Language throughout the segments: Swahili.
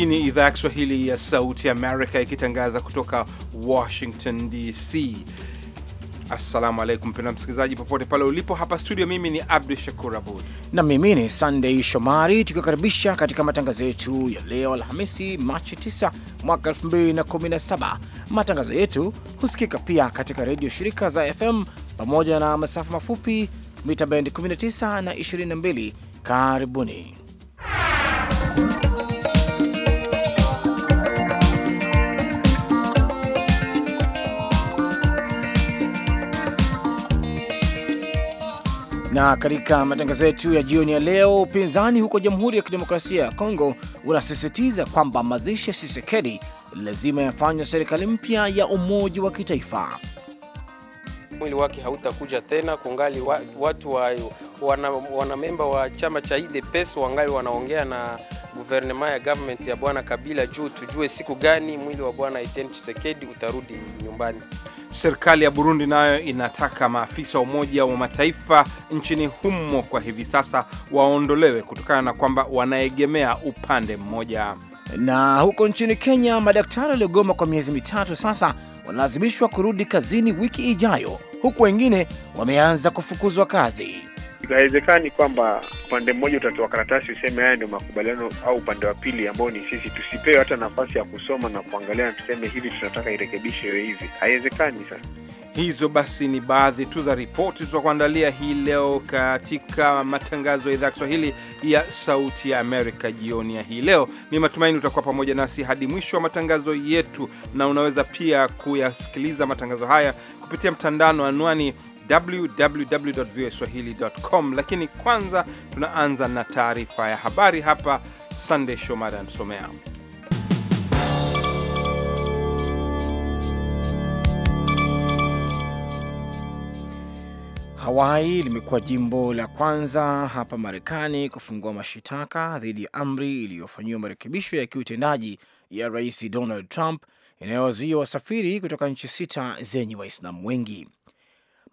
Hii ni idhaa ya Kiswahili ya Sauti Amerika ikitangaza kutoka Washington DC. Assalamu alaikum pena msikilizaji, popote pale ulipo. Hapa studio, mimi ni Abdu Shakur Abud na mimi ni Sandei Shomari, tukiwakaribisha katika matangazo yetu ya leo Alhamisi, Machi 9 mwaka 2017. Matangazo yetu husikika pia katika redio shirika za FM pamoja na masafa mafupi mita bendi 19 na 22. Karibuni. Na katika matangazo yetu ya jioni ya leo, upinzani huko Jamhuri ya Kidemokrasia ya Kongo unasisitiza kwamba mazishi ya Tshisekedi lazima yafanywa serikali mpya ya umoja wa kitaifa. Mwili wake hautakuja tena, kungali watu wa, wana, memba wa chama cha UDPS wangali wanaongea na guvernema ya government ya bwana Kabila juu tujue siku gani mwili wa bwana Etienne Tshisekedi utarudi nyumbani. Serikali ya Burundi nayo inataka maafisa wa Umoja wa Mataifa nchini humo kwa hivi sasa waondolewe kutokana na kwamba wanaegemea upande mmoja. Na huko nchini Kenya, madaktari waliogoma kwa miezi mitatu sasa wanalazimishwa kurudi kazini wiki ijayo, huku wengine wameanza kufukuzwa kazi haiwezekani kwamba upande mmoja utatoa karatasi useme haya ndio makubaliano, au upande wa pili ambao ni sisi tusipewe hata nafasi ya kusoma na kuangalia na tuseme hivi tunataka irekebishe irekebishwe hivi, haiwezekani. Sasa hizo basi ni baadhi tu za ripoti kuandalia hii leo katika matangazo ya idhaa ya Kiswahili ya Sauti ya Amerika jioni ya hii leo. Ni matumaini utakuwa pamoja nasi hadi mwisho wa matangazo yetu, na unaweza pia kuyasikiliza matangazo haya kupitia mtandano anwani www.voaswahili.com. Lakini kwanza tunaanza na taarifa ya habari hapa. Sunday Shomari anasomea. Hawaii limekuwa jimbo la kwanza hapa Marekani kufungua mashitaka dhidi ya amri iliyofanyiwa marekebisho ya kiutendaji ya Rais Donald Trump inayowazuia wasafiri kutoka nchi sita zenye Waislamu wengi.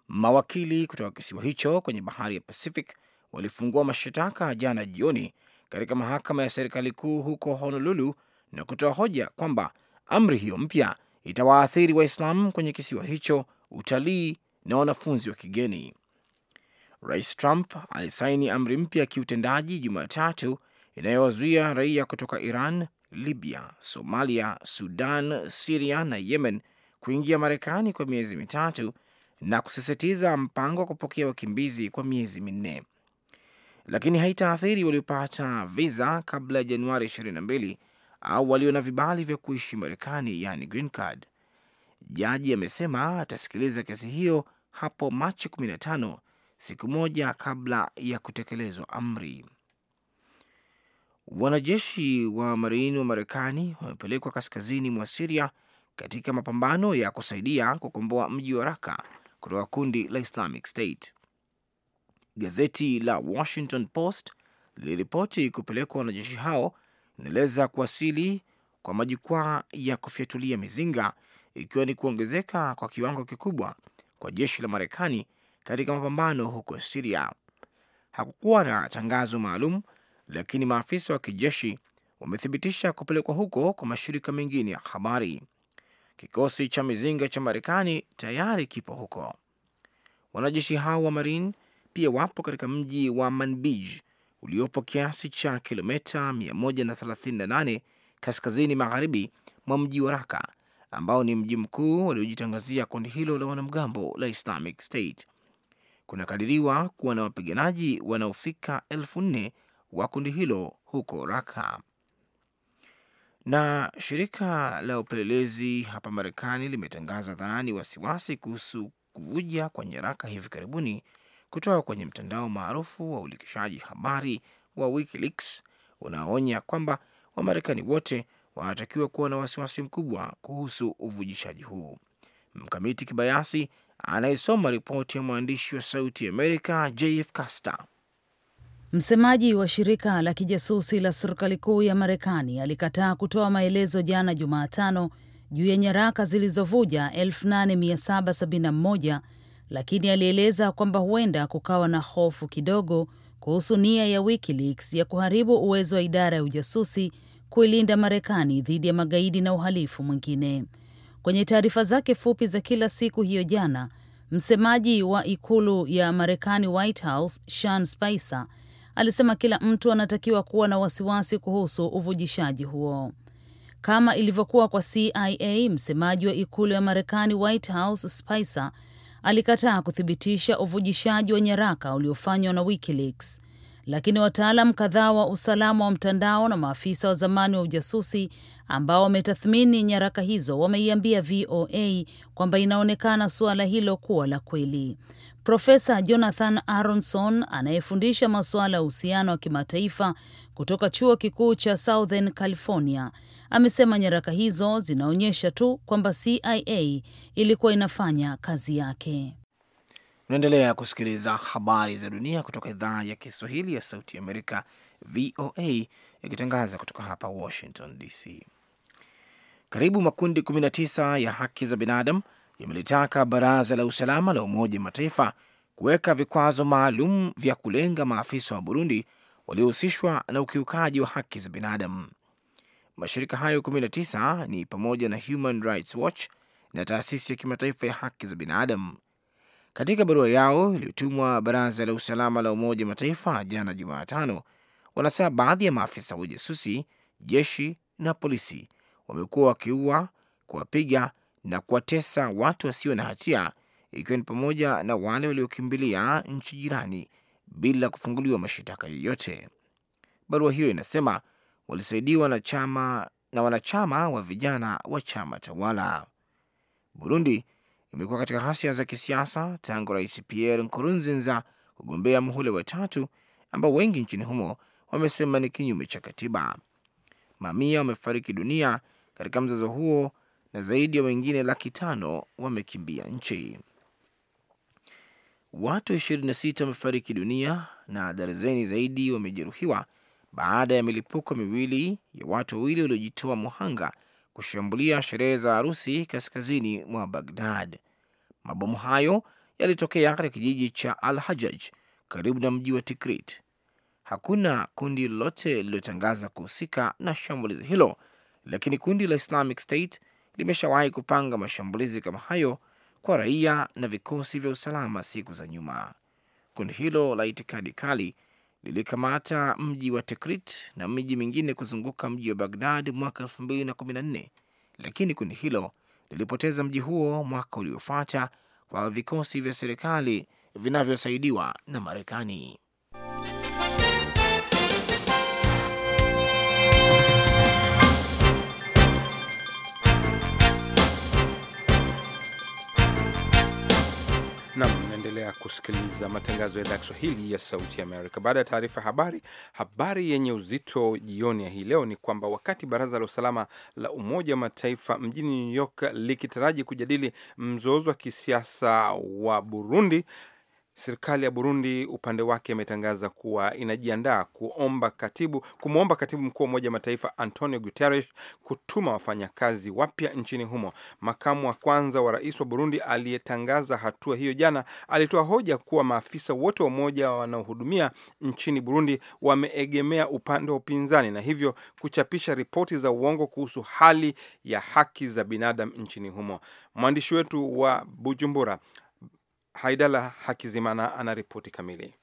Mawakili kutoka kisiwa hicho kwenye bahari ya Pacific walifungua mashtaka jana jioni katika mahakama ya serikali kuu huko Honolulu na kutoa hoja kwamba amri hiyo mpya itawaathiri Waislamu kwenye kisiwa hicho, utalii na wanafunzi wa kigeni. Rais Trump alisaini amri mpya ya kiutendaji Jumatatu inayowazuia raia kutoka Iran, Libya, Somalia, Sudan, Siria na Yemen kuingia Marekani kwa miezi mitatu na kusisitiza mpango wa kupokea wakimbizi kwa miezi minne, lakini haitaathiri waliopata viza kabla ya Januari 22 au walio na vibali vya kuishi Marekani, yani green card. Jaji amesema atasikiliza kesi hiyo hapo Machi 15, siku moja kabla ya kutekelezwa amri. Wanajeshi wa marini wa Marekani wamepelekwa kaskazini mwa Siria katika mapambano ya kusaidia kukomboa mji wa Raka kutoka kundi la Islamic State. Gazeti la Washington Post liliripoti kupelekwa wanajeshi hao inaeleza kuwasili kwa majukwaa ya kufyatulia mizinga, ikiwa ni kuongezeka kwa kiwango kikubwa kwa jeshi la Marekani katika mapambano huko Siria. Hakukuwa na tangazo maalum, lakini maafisa wa kijeshi wamethibitisha kupelekwa huko kwa mashirika mengine ya habari. Kikosi cha mizinga cha Marekani tayari kipo huko. Wanajeshi hao wa Marine pia wapo katika mji wa Manbij uliopo kiasi cha kilomita 138 kaskazini magharibi mwa mji wa Raka ambao ni mji mkuu waliojitangazia kundi hilo la wanamgambo la Islamic State. Kunakadiriwa kuwa na wapiganaji wanaofika elfu nne wa kundi hilo huko Raka. Na shirika la upelelezi hapa Marekani limetangaza dharani wasiwasi kuhusu kuvuja kwa nyaraka hivi karibuni kutoka kwenye mtandao maarufu wa ulikishaji habari wa WikiLeaks unaoonya kwamba Wamarekani wote wanatakiwa kuwa na wasiwasi mkubwa kuhusu uvujishaji huu. Mkamiti Kibayasi anayesoma ripoti ya mwandishi wa Sauti Amerika JF Caster. Msemaji wa shirika la kijasusi la serikali kuu ya Marekani alikataa kutoa maelezo jana Jumatano juu ya nyaraka zilizovuja 8771 lakini alieleza kwamba huenda kukawa na hofu kidogo kuhusu nia ya WikiLeaks ya kuharibu uwezo wa idara ya ujasusi kuilinda Marekani dhidi ya magaidi na uhalifu mwingine. Kwenye taarifa zake fupi za kila siku hiyo jana, msemaji wa ikulu ya Marekani, White House, Sean Spicer alisema kila mtu anatakiwa kuwa na wasiwasi kuhusu uvujishaji huo. Kama ilivyokuwa kwa CIA, msemaji wa ikulu ya Marekani, White House, Spicer alikataa kuthibitisha uvujishaji wa nyaraka uliofanywa na WikiLeaks, lakini wataalam kadhaa wa usalama wa mtandao na maafisa wa zamani wa ujasusi ambao wametathmini nyaraka hizo wameiambia VOA kwamba inaonekana suala hilo kuwa la kweli. Profesa Jonathan Aronson anayefundisha masuala ya uhusiano wa kimataifa kutoka chuo kikuu cha Southern California amesema nyaraka hizo zinaonyesha tu kwamba CIA ilikuwa inafanya kazi yake. Unaendelea kusikiliza habari za dunia kutoka idhaa ya Kiswahili ya Sauti ya Amerika, VOA, ikitangaza kutoka hapa Washington DC. Karibu makundi 19 ya haki za binadamu imelitaka baraza la usalama la Umoja Mataifa kuweka vikwazo maalum vya kulenga maafisa wa Burundi waliohusishwa na ukiukaji wa haki za binadamu. Mashirika hayo 19 ni pamoja na Human Rights Watch na taasisi ya kimataifa ya haki za binadamu. Katika barua yao iliyotumwa baraza la usalama la Umoja Mataifa jana Jumatano, wanasema baadhi ya maafisa wa ujasusi, jeshi na polisi wamekuwa wakiua, kuwapiga na kuwatesa watu wasio na hatia, ikiwa ni pamoja na wale waliokimbilia nchi jirani bila kufunguliwa mashitaka yoyote. Barua hiyo inasema walisaidiwa na chama na wanachama wa vijana wa chama tawala. Burundi imekuwa katika ghasia za kisiasa tangu Rais Pierre Nkurunziza kugombea muhula wa tatu, ambao wengi nchini humo wamesema ni kinyume cha katiba. Mamia wamefariki dunia katika mzozo huo na zaidi ya wengine laki tano wamekimbia nchi. Watu 26 wamefariki dunia na darazeni zaidi wamejeruhiwa baada ya milipuko miwili ya watu wawili waliojitoa muhanga kushambulia sherehe za harusi kaskazini mwa Bagdad. Mabomu hayo yalitokea katika kijiji cha Al Hajaj karibu na mji wa Tikrit. Hakuna kundi lolote lililotangaza kuhusika na shambulizi hilo, lakini kundi la Islamic State limeshawahi kupanga mashambulizi kama hayo kwa raia na vikosi vya usalama siku za nyuma. Kundi hilo la itikadi kali lilikamata mji wa Tikrit na miji mingine kuzunguka mji wa Bagdad mwaka 2014 lakini kundi hilo lilipoteza mji huo mwaka uliofuata kwa vikosi vya serikali vinavyosaidiwa na Marekani. Nam, naendelea kusikiliza matangazo ya idhaa Kiswahili ya Sauti Amerika. Baada ya taarifa habari, habari yenye uzito jioni ya hii leo ni kwamba wakati Baraza la Usalama la Umoja wa Mataifa mjini New York likitaraji kujadili mzozo wa kisiasa wa Burundi Serikali ya Burundi upande wake imetangaza kuwa inajiandaa kuomba katibu kumwomba katibu mkuu wa Umoja Mataifa Antonio Guterres kutuma wafanyakazi wapya nchini humo. Makamu wa kwanza wa rais wa Burundi aliyetangaza hatua hiyo jana alitoa hoja kuwa maafisa wote wa umoja wanaohudumia nchini Burundi wameegemea upande wa upinzani na hivyo kuchapisha ripoti za uongo kuhusu hali ya haki za binadamu nchini humo. Mwandishi wetu wa Bujumbura Haidala Hakizimana anaripoti kamili.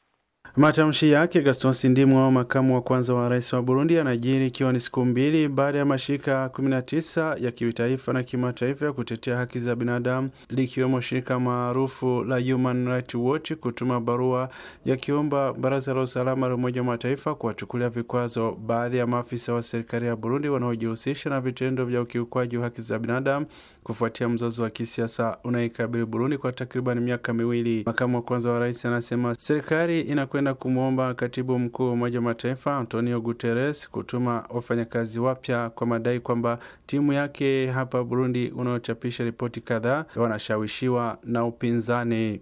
Matamshi yake Gaston Sindimwa, makamu wa kwanza wa rais wa Burundi, anajiri ikiwa ni siku mbili baada ya mashirika 19 ya kitaifa na kimataifa ya kutetea haki za binadamu likiwemo shirika maarufu la Human Rights Watch kutuma barua yakiomba baraza la usalama la Umoja wa Mataifa kuwachukulia vikwazo baadhi ya maafisa wa serikali ya Burundi wanaojihusisha na vitendo vya ukiukwaji wa haki za binadamu kufuatia mzozo wa kisiasa unaikabili Burundi kwa takriban miaka miwili. Makamu wa kwanza wa rais anasema serikali inakwenda kumwomba katibu mkuu wa Umoja wa Mataifa Antonio Guterres kutuma wafanyakazi wapya kwa madai kwamba timu yake hapa Burundi unaochapisha ripoti kadhaa wanashawishiwa na upinzani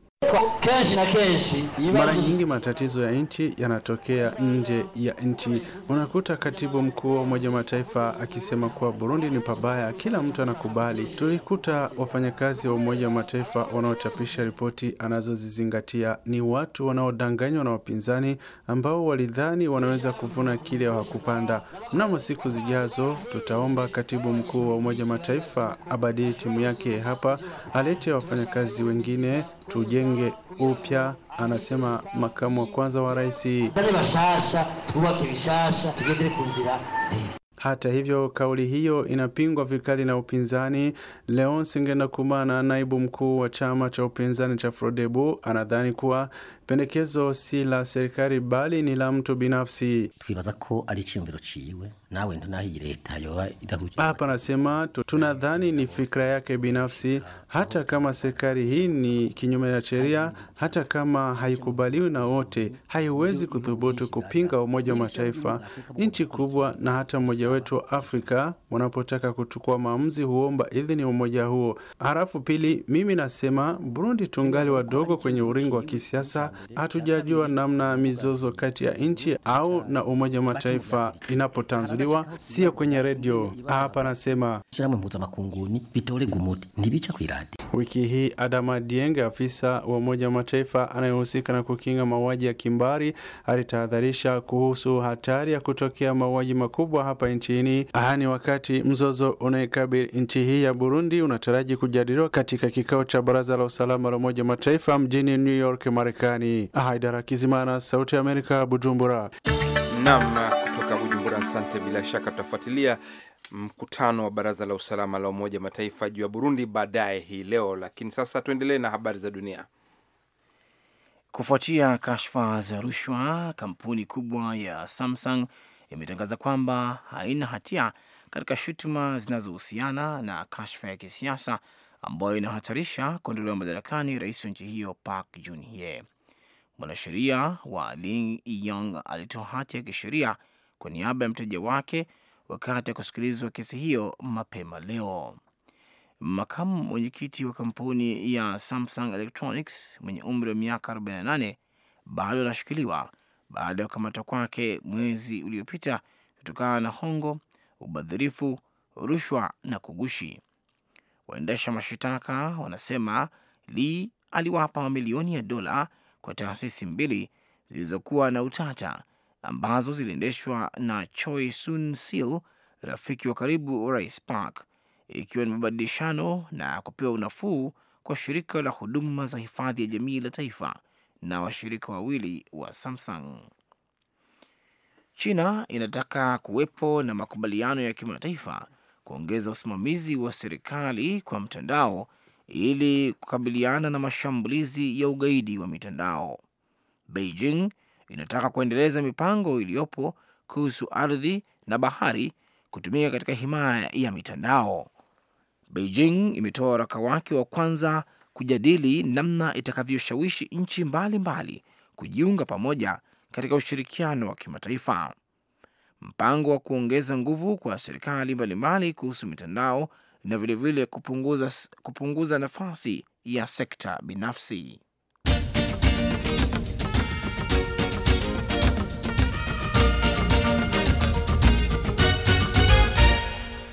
kenshi na kenshi. Mara nyingi matatizo ya nchi yanatokea nje ya nchi. Unakuta katibu mkuu wa Umoja Mataifa akisema kuwa Burundi ni pabaya, kila mtu anakubali. Tulikuta wafanyakazi wa Umoja wa Mataifa wanaochapisha ripoti anazozizingatia ni watu wanaodanganywa na wapinzani ambao walidhani wanaweza kuvuna kile wakupanda Mnamo siku zijazo, tutaomba katibu mkuu wa Umoja Mataifa abadili timu yake hapa, alete wafanyakazi wengine, tujenge tujenge upya, anasema makamu wa kwanza wa rais. Hata hivyo kauli hiyo inapingwa vikali na upinzani. Leonce Ngendakumana, naibu mkuu wa chama cha upinzani cha Frodebu, anadhani kuwa pendekezo si la serikali bali ni la mtu binafsi. Tukibaza ko ari ciwe nawe ntaho leta yoba idahuje hapa, nasema tunadhani ni fikra yake binafsi, hata kama serikali hii ni kinyume ya sheria, hata kama haikubaliwi na wote, haiwezi kudhubutu kupinga Umoja wa Mataifa. Nchi kubwa na hata mmoja wetu wa Afrika wanapotaka kuchukua maamuzi huomba idhini umoja huo. harafu pili, mimi nasema Burundi tungali wadogo kwenye uringo wa kisiasa hatujajua namna mizozo kati ya nchi au na Umoja wa Mataifa inapotanzuliwa, sio kwenye redio. Hapa Anasema wiki hii Adama Dienge, afisa wa Umoja wa Mataifa anayehusika na kukinga mauaji ya kimbari, alitahadharisha kuhusu hatari ya kutokea mauaji makubwa hapa nchini. Ni yaani wakati mzozo unaikabili nchi hii ya Burundi unataraji kujadiliwa katika kikao cha Baraza la Usalama la Umoja wa Mataifa mjini New York, Marekani. Marekani. Haidara Kizimana, Sauti ya Amerika, Bujumbura. nam kutoka Bujumbura, asante. Bila shaka tutafuatilia mkutano wa baraza la usalama la Umoja Mataifa juu ya Burundi baadaye hii leo, lakini sasa tuendelee na habari za dunia. Kufuatia kashfa za rushwa, kampuni kubwa ya Samsung imetangaza kwamba haina hatia katika shutuma zinazohusiana na kashfa ya kisiasa ambayo inahatarisha kuondolewa madarakani rais wa nchi hiyo Park Geun-hye. Mwanasheria wa Ling Yong alitoa hati ya kisheria kwa niaba ya mteja wake wakati ya kusikilizwa kesi hiyo mapema leo. Makamu mwenyekiti wa kampuni ya Samsung Electronics mwenye umri wa miaka 48 bado anashikiliwa baada ya kukamatwa kwake mwezi uliopita kutokana na hongo, ubadhirifu, rushwa na kugushi. Waendesha mashitaka wanasema Lee aliwapa mamilioni ya dola kwa taasisi mbili zilizokuwa na utata ambazo ziliendeshwa na Choi Soon Sil, rafiki wa karibu wa Rais Park, ikiwa ni mabadilishano na kupewa unafuu kwa shirika la huduma za hifadhi ya jamii la taifa na washirika wawili wa Samsung. China inataka kuwepo na makubaliano ya kimataifa kuongeza usimamizi wa serikali kwa mtandao ili kukabiliana na mashambulizi ya ugaidi wa mitandao. Beijing inataka kuendeleza mipango iliyopo kuhusu ardhi na bahari kutumika katika himaya ya mitandao. Beijing imetoa waraka wake wa kwanza kujadili namna itakavyoshawishi nchi mbalimbali kujiunga pamoja katika ushirikiano wa kimataifa. Mpango wa kuongeza nguvu kwa serikali mbalimbali kuhusu mitandao na vilevile kupunguza, kupunguza nafasi ya sekta binafsi.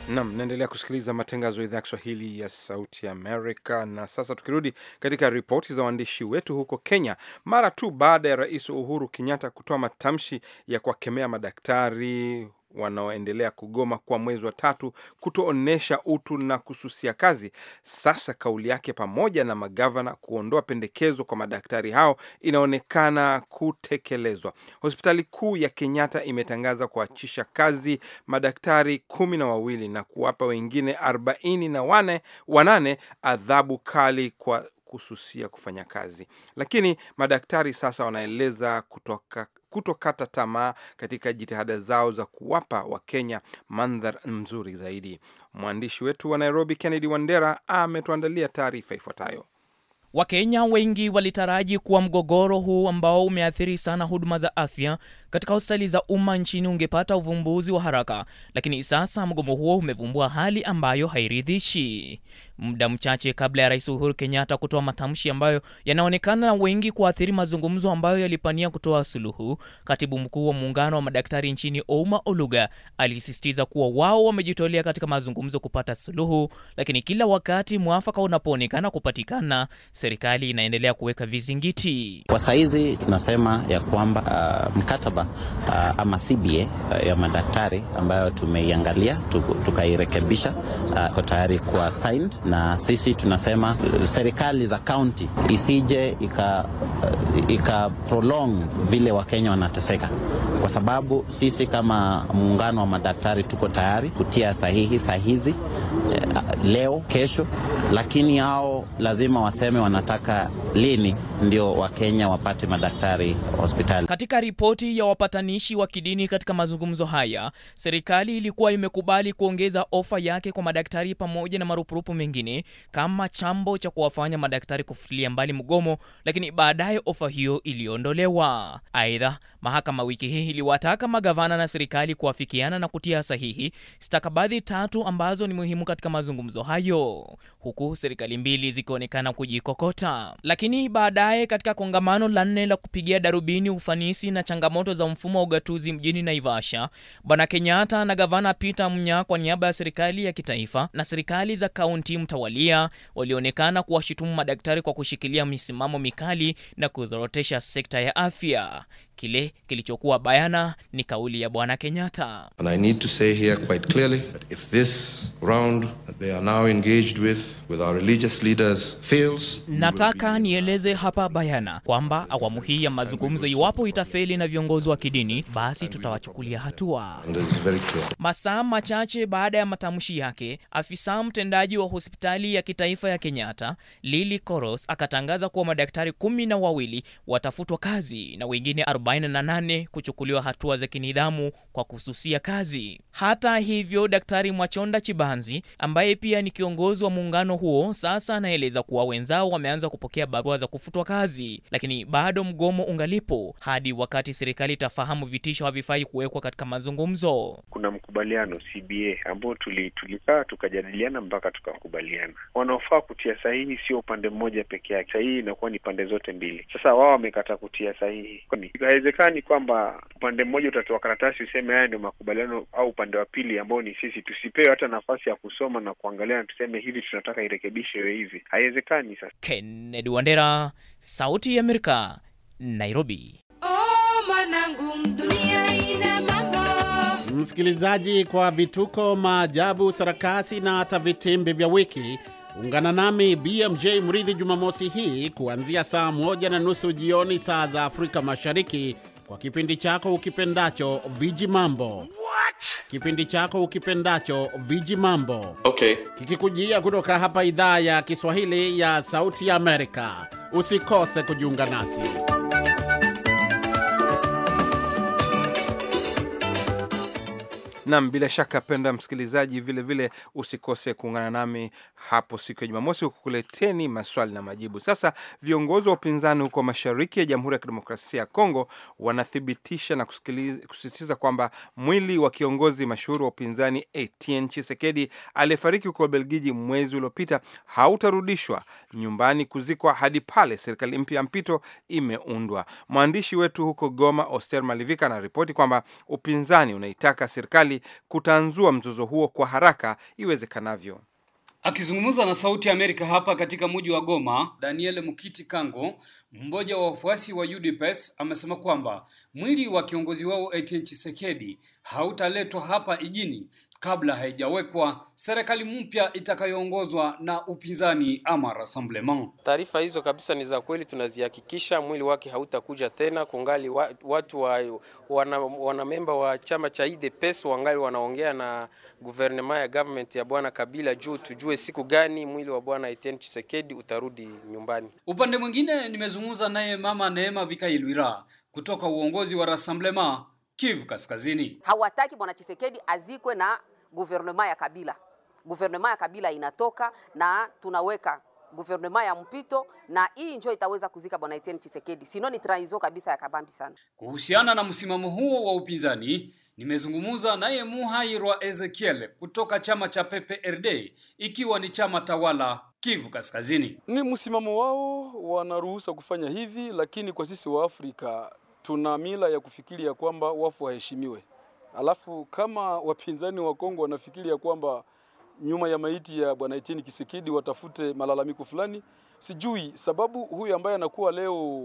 Nam, naendelea kusikiliza matangazo ya idhaa ya Kiswahili ya Sauti Amerika. Na sasa tukirudi katika ripoti za waandishi wetu huko Kenya, mara tu baada ya Rais Uhuru Kenyatta kutoa matamshi ya kuwakemea madaktari wanaoendelea kugoma kwa mwezi wa tatu kutoonyesha utu na kususia kazi. Sasa kauli yake pamoja na magavana kuondoa pendekezo kwa madaktari hao inaonekana kutekelezwa. Hospitali kuu ya Kenyatta imetangaza kuachisha kazi madaktari kumi na wawili na kuwapa wengine arobaini na wane, wanane adhabu kali kwa kususia kufanya kazi. Lakini madaktari sasa wanaeleza kutoka kutokata tamaa katika jitihada zao za kuwapa Wakenya mandhari nzuri zaidi. Mwandishi wetu wa Nairobi, Kennedy Wandera, ametuandalia taarifa ifuatayo. Wakenya wengi walitaraji kuwa mgogoro huu ambao umeathiri sana huduma za afya katika hospitali za umma nchini ungepata uvumbuzi wa haraka, lakini sasa mgomo huo umevumbua hali ambayo hairidhishi. Muda mchache kabla ya Rais Uhuru Kenyatta kutoa matamshi ambayo yanaonekana wengi kuathiri mazungumzo ambayo yalipania kutoa suluhu, katibu mkuu wa muungano wa madaktari nchini Ouma Oluga alisisitiza kuwa wao wamejitolea katika mazungumzo kupata suluhu, lakini kila wakati mwafaka unapoonekana kupatikana, serikali inaendelea kuweka vizingiti. Kwa saizi tunasema ya kwamba uh, mkataba saba uh, ama CBA uh, ya madaktari ambayo tumeiangalia tukairekebisha, tuka uh, kwa tayari kuwa signed, na sisi tunasema uh, serikali za kaunti isije ika, uh, ika prolong vile Wakenya wanateseka, kwa sababu sisi kama muungano wa madaktari tuko tayari kutia sahihi sahizi leo kesho, lakini hao lazima waseme wanataka lini ndio Wakenya wapate madaktari hospitali. Katika ripoti ya wapatanishi wa kidini katika mazungumzo haya, serikali ilikuwa imekubali kuongeza ofa yake kwa madaktari pamoja na marupurupu mengine kama chambo cha kuwafanya madaktari kufutilia mbali mgomo, lakini baadaye ofa hiyo iliondolewa. Aidha, Mahakama wiki hii iliwataka magavana na serikali kuafikiana na kutia sahihi stakabadhi tatu ambazo ni muhimu katika mazungumzo hayo, huku serikali mbili zikionekana kujikokota. Lakini baadaye katika kongamano la nne la kupigia darubini ufanisi na changamoto za mfumo wa ugatuzi mjini Naivasha, Bwana Kenyatta na gavana Peter Munya kwa niaba ya serikali ya kitaifa na serikali za kaunti mtawalia walionekana kuwashutumu madaktari kwa kushikilia misimamo mikali na kuzorotesha sekta ya afya. Kile kilichokuwa bayana ni kauli ya Bwana Kenyatta. And I need to say here quite clearly that if this round that they are now engaged with with our religious leaders fails, nataka nieleze hapa bayana kwamba awamu hii ya mazungumzo, iwapo itafeli na viongozi wa kidini, basi tutawachukulia hatua. Masaa machache baada ya matamshi yake, afisa mtendaji wa hospitali ya kitaifa ya Kenyatta Lily Koros akatangaza kuwa madaktari kumi na wawili watafutwa kazi na wengine 48 kuchukuliwa hatua za kinidhamu kwa kususia kazi. Hata hivyo, Daktari Mwachonda Chibanzi ambaye pia ni kiongozi wa muungano huo sasa anaeleza kuwa wenzao wameanza kupokea barua za kufutwa kazi, lakini bado mgomo ungalipo hadi wakati serikali itafahamu vitisho havifai kuwekwa katika mazungumzo. Kuna mkubaliano CBA ambao tulikaa tukajadiliana mpaka tukakubaliana. Wanaofaa kutia sahihi sio upande mmoja peke yake, sahihi inakuwa ni pande zote mbili. Sasa wao wamekataa kutia sahihi, haiwezekani kwamba upande mmoja utatoa karatasi tuseme haya ndio makubaliano au upande wa pili ambao ni sisi, tusipewe hata nafasi ya kusoma na kuangalia na tuseme hivi tunataka iwe hivi, haiwezekani. Sasa Kennedy Wandera, Sauti ya Amerika, Nairobi. Msikilizaji, kwa vituko, maajabu, sarakasi na hata vitimbi vya wiki Ungana nami BMJ Mridhi Jumamosi hii kuanzia saa moja na nusu jioni saa za Afrika Mashariki kwa kipindi chako ukipendacho viji mambo. Kipindi chako ukipendacho viji mambo. Okay. Kikikujia kutoka hapa idhaa ya Kiswahili ya Sauti ya Amerika. Usikose kujiunga nasi. Nam, bila shaka penda msikilizaji, vilevile vile usikose kuungana nami hapo siku ya Jumamosi kukuleteni maswali na majibu. Sasa viongozi wa upinzani huko mashariki ya Jamhuri ya Kidemokrasia ya Kongo wanathibitisha na kusisitiza kwamba mwili wa kiongozi mashuhuri wa upinzani Etienne Chisekedi aliyefariki huko Belgiji mwezi uliopita hautarudishwa nyumbani kuzikwa hadi pale serikali mpya ya mpito imeundwa. Mwandishi wetu huko Goma, Oster Malivika, anaripoti kwamba upinzani unaitaka serikali kutanzua mzozo huo kwa haraka iwezekanavyo. Akizungumza na Sauti ya Amerika hapa katika mji wa Goma, Daniel Mukiti Kango, mmoja wa wafuasi wa UDPS, amesema kwamba mwili wa kiongozi wao Etienne Tshisekedi hautaletwa hapa ijini kabla haijawekwa serikali mpya itakayoongozwa na upinzani ama Rassemblement. Taarifa hizo kabisa ni za kweli, tunazihakikisha. Mwili wake hautakuja tena, kungali watu wa, wanamemba wana wa chama cha UDPS wangali wanaongea na guvernema ya government ya bwana Kabila juu tujue siku gani mwili wa bwana Etienne Tshisekedi utarudi nyumbani. Upande mwingine, nimezungumza naye mama Neema Vikailwira kutoka uongozi wa Rassemblement Kivu Kaskazini. Hawataki bwana Chisekedi azikwe na guvernema ya Kabila. Guvernema ya Kabila inatoka na tunaweka guvernema ya mpito na hii njoo itaweza kuzika bwana Etienne Chisekedi, sino ni traizo kabisa ya kabambi sana. Kuhusiana na msimamo huo wa upinzani, nimezungumza naye Muhairwa Ezekiel kutoka chama cha PPRD, ikiwa ni chama tawala Kivu Kaskazini. Ni msimamo wao, wanaruhusa kufanya hivi, lakini kwa sisi wa Afrika tuna mila ya kufikiri ya kwamba wafu waheshimiwe, alafu kama wapinzani wa Kongo wanafikiri ya kwamba nyuma ya maiti ya bwana Etienne Kisekedi watafute malalamiko fulani, sijui sababu. Huyu ambaye anakuwa leo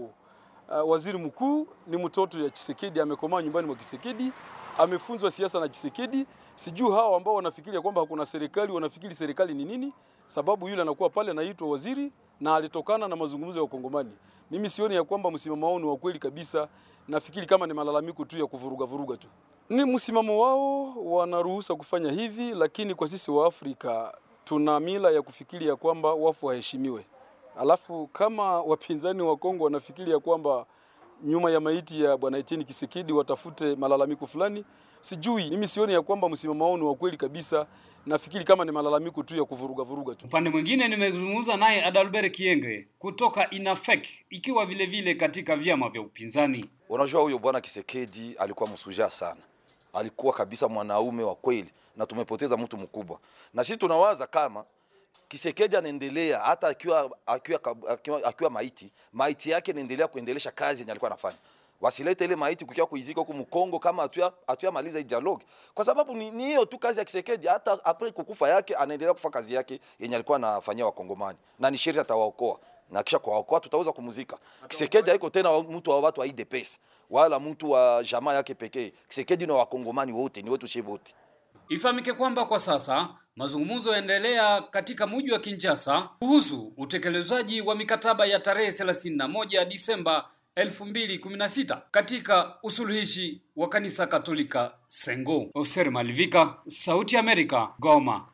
uh, waziri mkuu ni mtoto ya Kisekedi, amekomaa nyumbani mwa Kisekedi, amefunzwa siasa na Kisekedi. Sijui hao ambao ya kwamba hakuna serikali wanafikiri serikali ni nini, sababu yule anakuwa pale anaitwa waziri na alitokana na mazungumzo ya Wakongomani mimi sioni ya kwamba msimamo wao ni wa kweli kabisa. Nafikiri kama ni malalamiko tu ya kuvuruga vuruga tu, ni msimamo wao, wanaruhusa kufanya hivi, lakini kwa sisi wa Afrika tuna mila ya kufikiri ya kwamba wafu waheshimiwe, alafu kama wapinzani wa Kongo wanafikiri ya kwamba nyuma ya maiti ya bwana Etienne Kisekedi watafute malalamiko fulani. Sijui mimi, sioni ya kwamba msimamo wao ni wa kweli kabisa. Nafikiri kama ni malalamiko tu ya kuvuruga vuruga tu. Upande mwingine, nimezungumza naye Adalbert Kienge kutoka Inafek, ikiwa vile vile katika vyama vya upinzani. Unajua, huyo bwana Kisekedi alikuwa msujaa sana, alikuwa kabisa mwanaume wa kweli, na tumepoteza mtu mkubwa, na sisi tunawaza kama Kisekeji anaendelea hata akiwa, akiwa, akiwa, akiwa maiti, maiti yake inaendelea kuendelesha kazi yenye alikuwa anafanya. Wasilete ile maiti kukiwa kuizika huko Mkongo kama atuya atuya maliza hii dialogue, kwa sababu ni hiyo tu kazi ya Kisekeji. Hata apre kukufa yake anaendelea kufanya kazi yake yenye alikuwa anafanyia Wakongomani, na ni sheria atawaokoa na kisha kwa wakoa tutaweza kumuzika Kisekeji. Haiko tena mtu wa watu wa IDPS wala mtu wa jamaa yake pekee. Kisekeji wa wakongomani wote ni wetu shie wote. Ifahamike kwamba kwa sasa mazungumzo yaendelea katika mji wa Kinshasa kuhusu utekelezaji wa mikataba ya tarehe 31 Disemba 2016 katika usuluhishi wa kanisa Katolika Sengo. Oser Malivika, Sauti ya Amerika, Goma.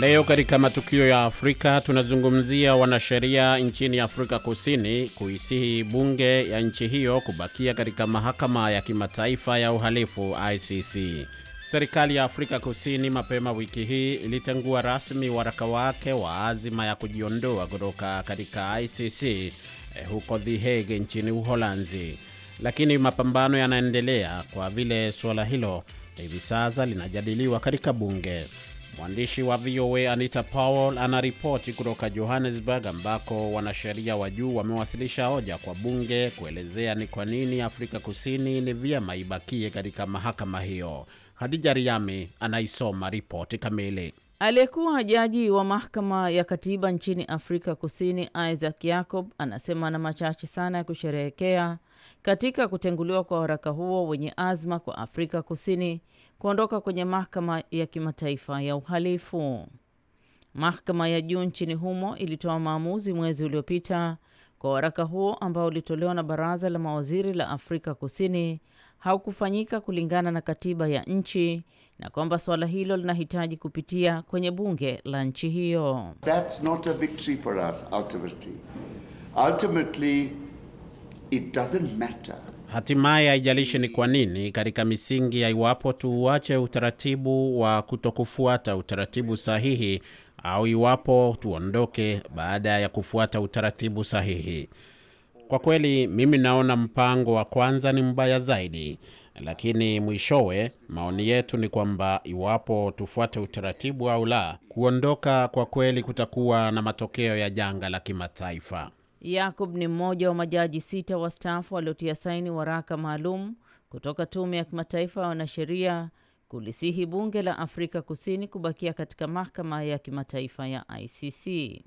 Leo katika matukio ya Afrika tunazungumzia wanasheria nchini Afrika Kusini kuisihi bunge ya nchi hiyo kubakia katika mahakama ya kimataifa ya uhalifu ICC. Serikali ya Afrika Kusini mapema wiki hii ilitengua rasmi waraka wake wa azima ya kujiondoa kutoka katika ICC eh, huko The Hague nchini Uholanzi. Lakini mapambano yanaendelea kwa vile suala hilo hivi sasa linajadiliwa katika bunge. Mwandishi wa VOA Anita Powell anaripoti kutoka Johannesburg, ambako wanasheria wa juu wamewasilisha hoja kwa bunge kuelezea ni kwa nini Afrika Kusini ni vyema ibakie katika mahakama hiyo. Hadija Riami anaisoma ripoti kamili. Aliyekuwa jaji wa mahakama ya katiba nchini Afrika Kusini Isaac Yacob anasema ana machache sana ya kusherehekea katika kutenguliwa kwa waraka huo wenye azma kwa Afrika Kusini kuondoka kwenye mahakama ya kimataifa ya uhalifu. Mahakama ya juu nchini humo ilitoa maamuzi mwezi uliopita kwa waraka huo ambao ulitolewa na baraza la mawaziri la Afrika Kusini haukufanyika kulingana na katiba ya nchi na kwamba suala hilo linahitaji kupitia kwenye bunge la nchi hiyo. That's not a victory for us ultimately. Ultimately it doesn't matter. Hatimaye haijalishi ni kwa nini, katika misingi ya iwapo tuuache utaratibu wa kutokufuata utaratibu sahihi au iwapo tuondoke baada ya kufuata utaratibu sahihi. Kwa kweli mimi naona mpango wa kwanza ni mbaya zaidi, lakini mwishowe, maoni yetu ni kwamba iwapo tufuate utaratibu au la, kuondoka kwa kweli kutakuwa na matokeo ya janga la kimataifa. Yakub ni mmoja wa majaji sita wastaafu waliotia saini waraka maalum kutoka tume ya kimataifa ya wanasheria kulisihi bunge la Afrika Kusini kubakia katika mahakama ya kimataifa ya ICC.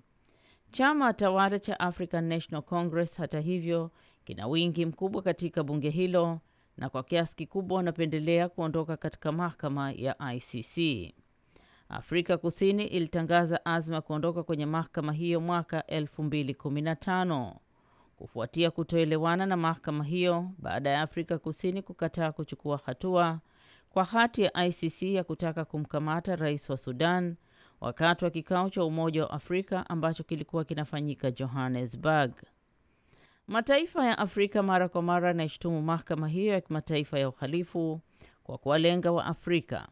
Chama tawala cha African National Congress, hata hivyo, kina wingi mkubwa katika bunge hilo na kwa kiasi kikubwa wanapendelea kuondoka katika mahakama ya ICC. Afrika Kusini ilitangaza azma ya kuondoka kwenye mahakama hiyo mwaka 2015 kufuatia kutoelewana na mahakama hiyo baada ya Afrika Kusini kukataa kuchukua hatua kwa hati ya ICC ya kutaka kumkamata rais wa Sudan wakati wa kikao cha Umoja wa Afrika ambacho kilikuwa kinafanyika Johannesburg. Mataifa ya Afrika mara kwa mara yanaishutumu mahakama hiyo ya kimataifa ya uhalifu kwa kuwalenga wa Afrika.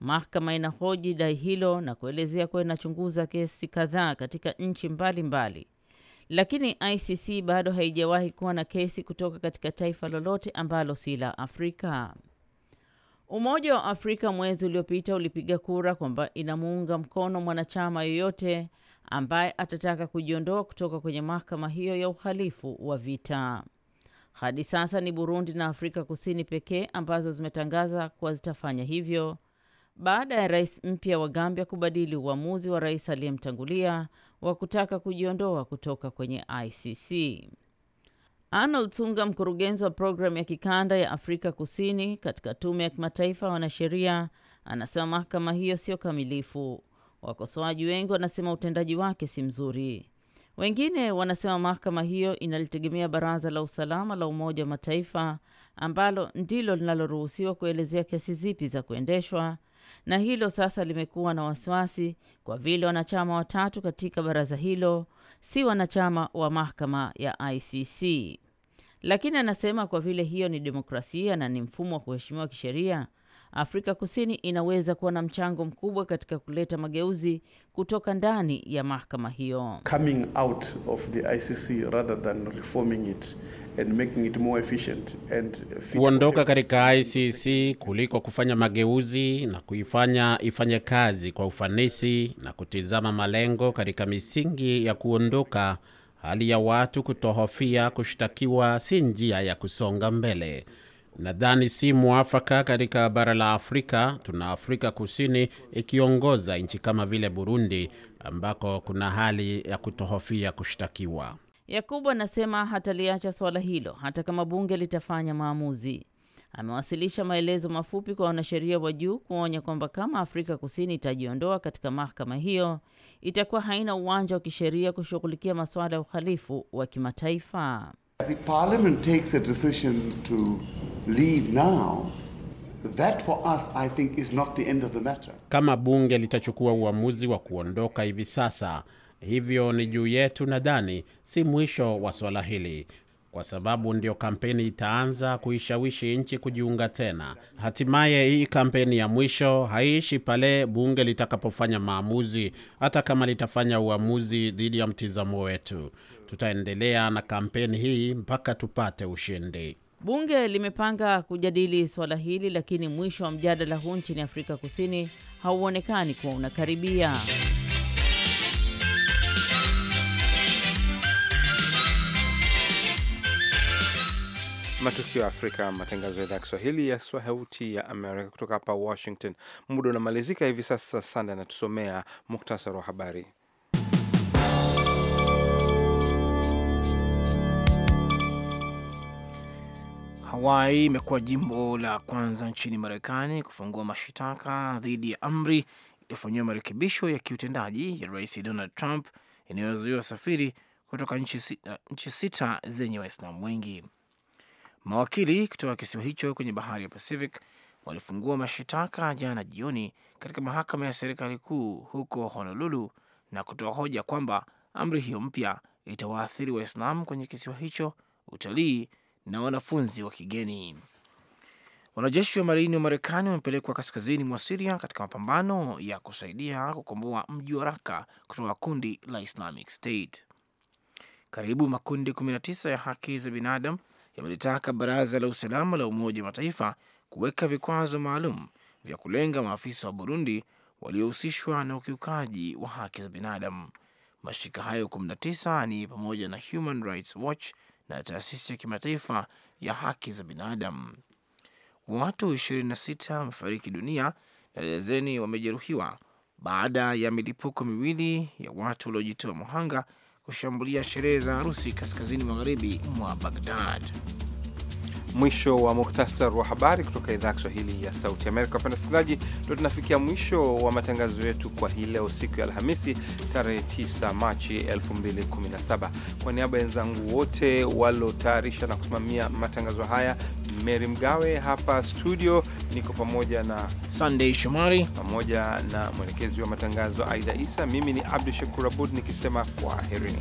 Mahakama inahoji dai hilo na kuelezea kuwa inachunguza kesi kadhaa katika nchi mbalimbali, lakini ICC bado haijawahi kuwa na kesi kutoka katika taifa lolote ambalo si la Afrika. Umoja wa Afrika mwezi uliopita ulipiga kura kwamba inamuunga mkono mwanachama yoyote ambaye atataka kujiondoa kutoka kwenye mahakama hiyo ya uhalifu wa vita. Hadi sasa ni Burundi na Afrika Kusini pekee ambazo zimetangaza kuwa zitafanya hivyo baada ya rais mpya wa Gambia kubadili uamuzi wa rais aliyemtangulia wa kutaka kujiondoa kutoka kwenye ICC. Arnold Tunga, mkurugenzi wa programu ya kikanda ya Afrika Kusini katika tume ya kimataifa ya wanasheria, anasema mahakama hiyo sio kamilifu. Wakosoaji wengi wanasema utendaji wake si mzuri. Wengine wanasema mahakama hiyo inalitegemea Baraza la Usalama la Umoja wa Mataifa ambalo ndilo linaloruhusiwa kuelezea kesi zipi za kuendeshwa, na hilo sasa limekuwa na wasiwasi kwa vile wanachama watatu katika baraza hilo si wanachama wa mahakama ya ICC. Lakini anasema kwa vile hiyo ni demokrasia na ni mfumo wa kuheshimiwa kisheria, Afrika Kusini inaweza kuwa na mchango mkubwa katika kuleta mageuzi kutoka ndani ya mahakama hiyo. Coming out of the ICC rather than reforming it and making it more efficient and kuondoka katika ICC kuliko kufanya mageuzi na kuifanya ifanye kazi kwa ufanisi na kutizama malengo katika misingi ya kuondoka hali ya watu kutohofia kushtakiwa si njia ya kusonga mbele. Nadhani si mwafaka katika bara la Afrika. Tuna Afrika Kusini ikiongoza nchi kama vile Burundi, ambako kuna hali ya kutohofia kushtakiwa. Yakubu anasema hataliacha suala hilo hata kama bunge litafanya maamuzi amewasilisha maelezo mafupi kwa wanasheria wa juu kuonya kwamba kama Afrika Kusini itajiondoa katika mahakama hiyo itakuwa haina uwanja wa kisheria kushughulikia masuala ya uhalifu wa kimataifa. Kama bunge litachukua uamuzi wa kuondoka hivi sasa, hivyo ni juu yetu, nadhani si mwisho wa suala hili kwa sababu ndio kampeni itaanza kuishawishi nchi kujiunga tena. Hatimaye hii kampeni ya mwisho haiishi pale bunge litakapofanya maamuzi, hata kama litafanya uamuzi dhidi ya mtizamo wetu. Tutaendelea na kampeni hii mpaka tupate ushindi. Bunge limepanga kujadili suala hili, lakini mwisho wa mjadala huu nchini Afrika Kusini hauonekani kuwa unakaribia. Matukio ya Afrika, matangazo ya idhaa Kiswahili ya Sauti ya Amerika kutoka hapa Washington. Muda unamalizika hivi sasa. Sanda anatusomea muktasari wa habari. Hawaii imekuwa jimbo la kwanza nchini Marekani kufungua mashitaka dhidi ya amri iliyofanyiwa marekebisho ya kiutendaji ya Rais Donald Trump inayozuia safiri kutoka nchi sita zenye Waislamu wengi. Mawakili kutoka kisiwa hicho kwenye bahari ya Pacific walifungua mashitaka jana jioni katika mahakama ya serikali kuu huko Honolulu na kutoa hoja kwamba amri hiyo mpya itawaathiri Waislamu kwenye kisiwa hicho, utalii na wanafunzi wa kigeni. Wanajeshi wa marini wa Marekani wamepelekwa kaskazini mwa Siria katika mapambano ya kusaidia kukomboa mji wa Raka kutoka kundi la Islamic State. Karibu makundi 19 ya haki za binadamu yamelitaka baraza la usalama la Umoja wa Mataifa kuweka vikwazo maalum vya kulenga maafisa wa Burundi waliohusishwa na ukiukaji wa haki za binadamu. Mashirika hayo 19 ni pamoja na Human Rights Watch na taasisi ya kimataifa ya haki za binadamu. Watu 26 wamefariki dunia na dazeni wamejeruhiwa baada ya milipuko miwili ya watu waliojitoa muhanga kushambulia sherehe za harusi kaskazini magharibi mwa Bagdad. Mwisho wa muktasar wa habari kutoka idhaa ya Kiswahili ya Sauti Amerika. Wapenda wasikilizaji, ndio tunafikia mwisho wa matangazo yetu kwa hii leo, siku ya Alhamisi tarehe 9 Machi 2017. Kwa niaba ya wenzangu wote walotayarisha na kusimamia matangazo haya Mary Mgawe hapa studio, niko pamoja na Sunday Shomari pamoja na mwelekezi wa matangazo Aida Isa. Mimi ni Abdu Shakur Abud nikisema kwa herini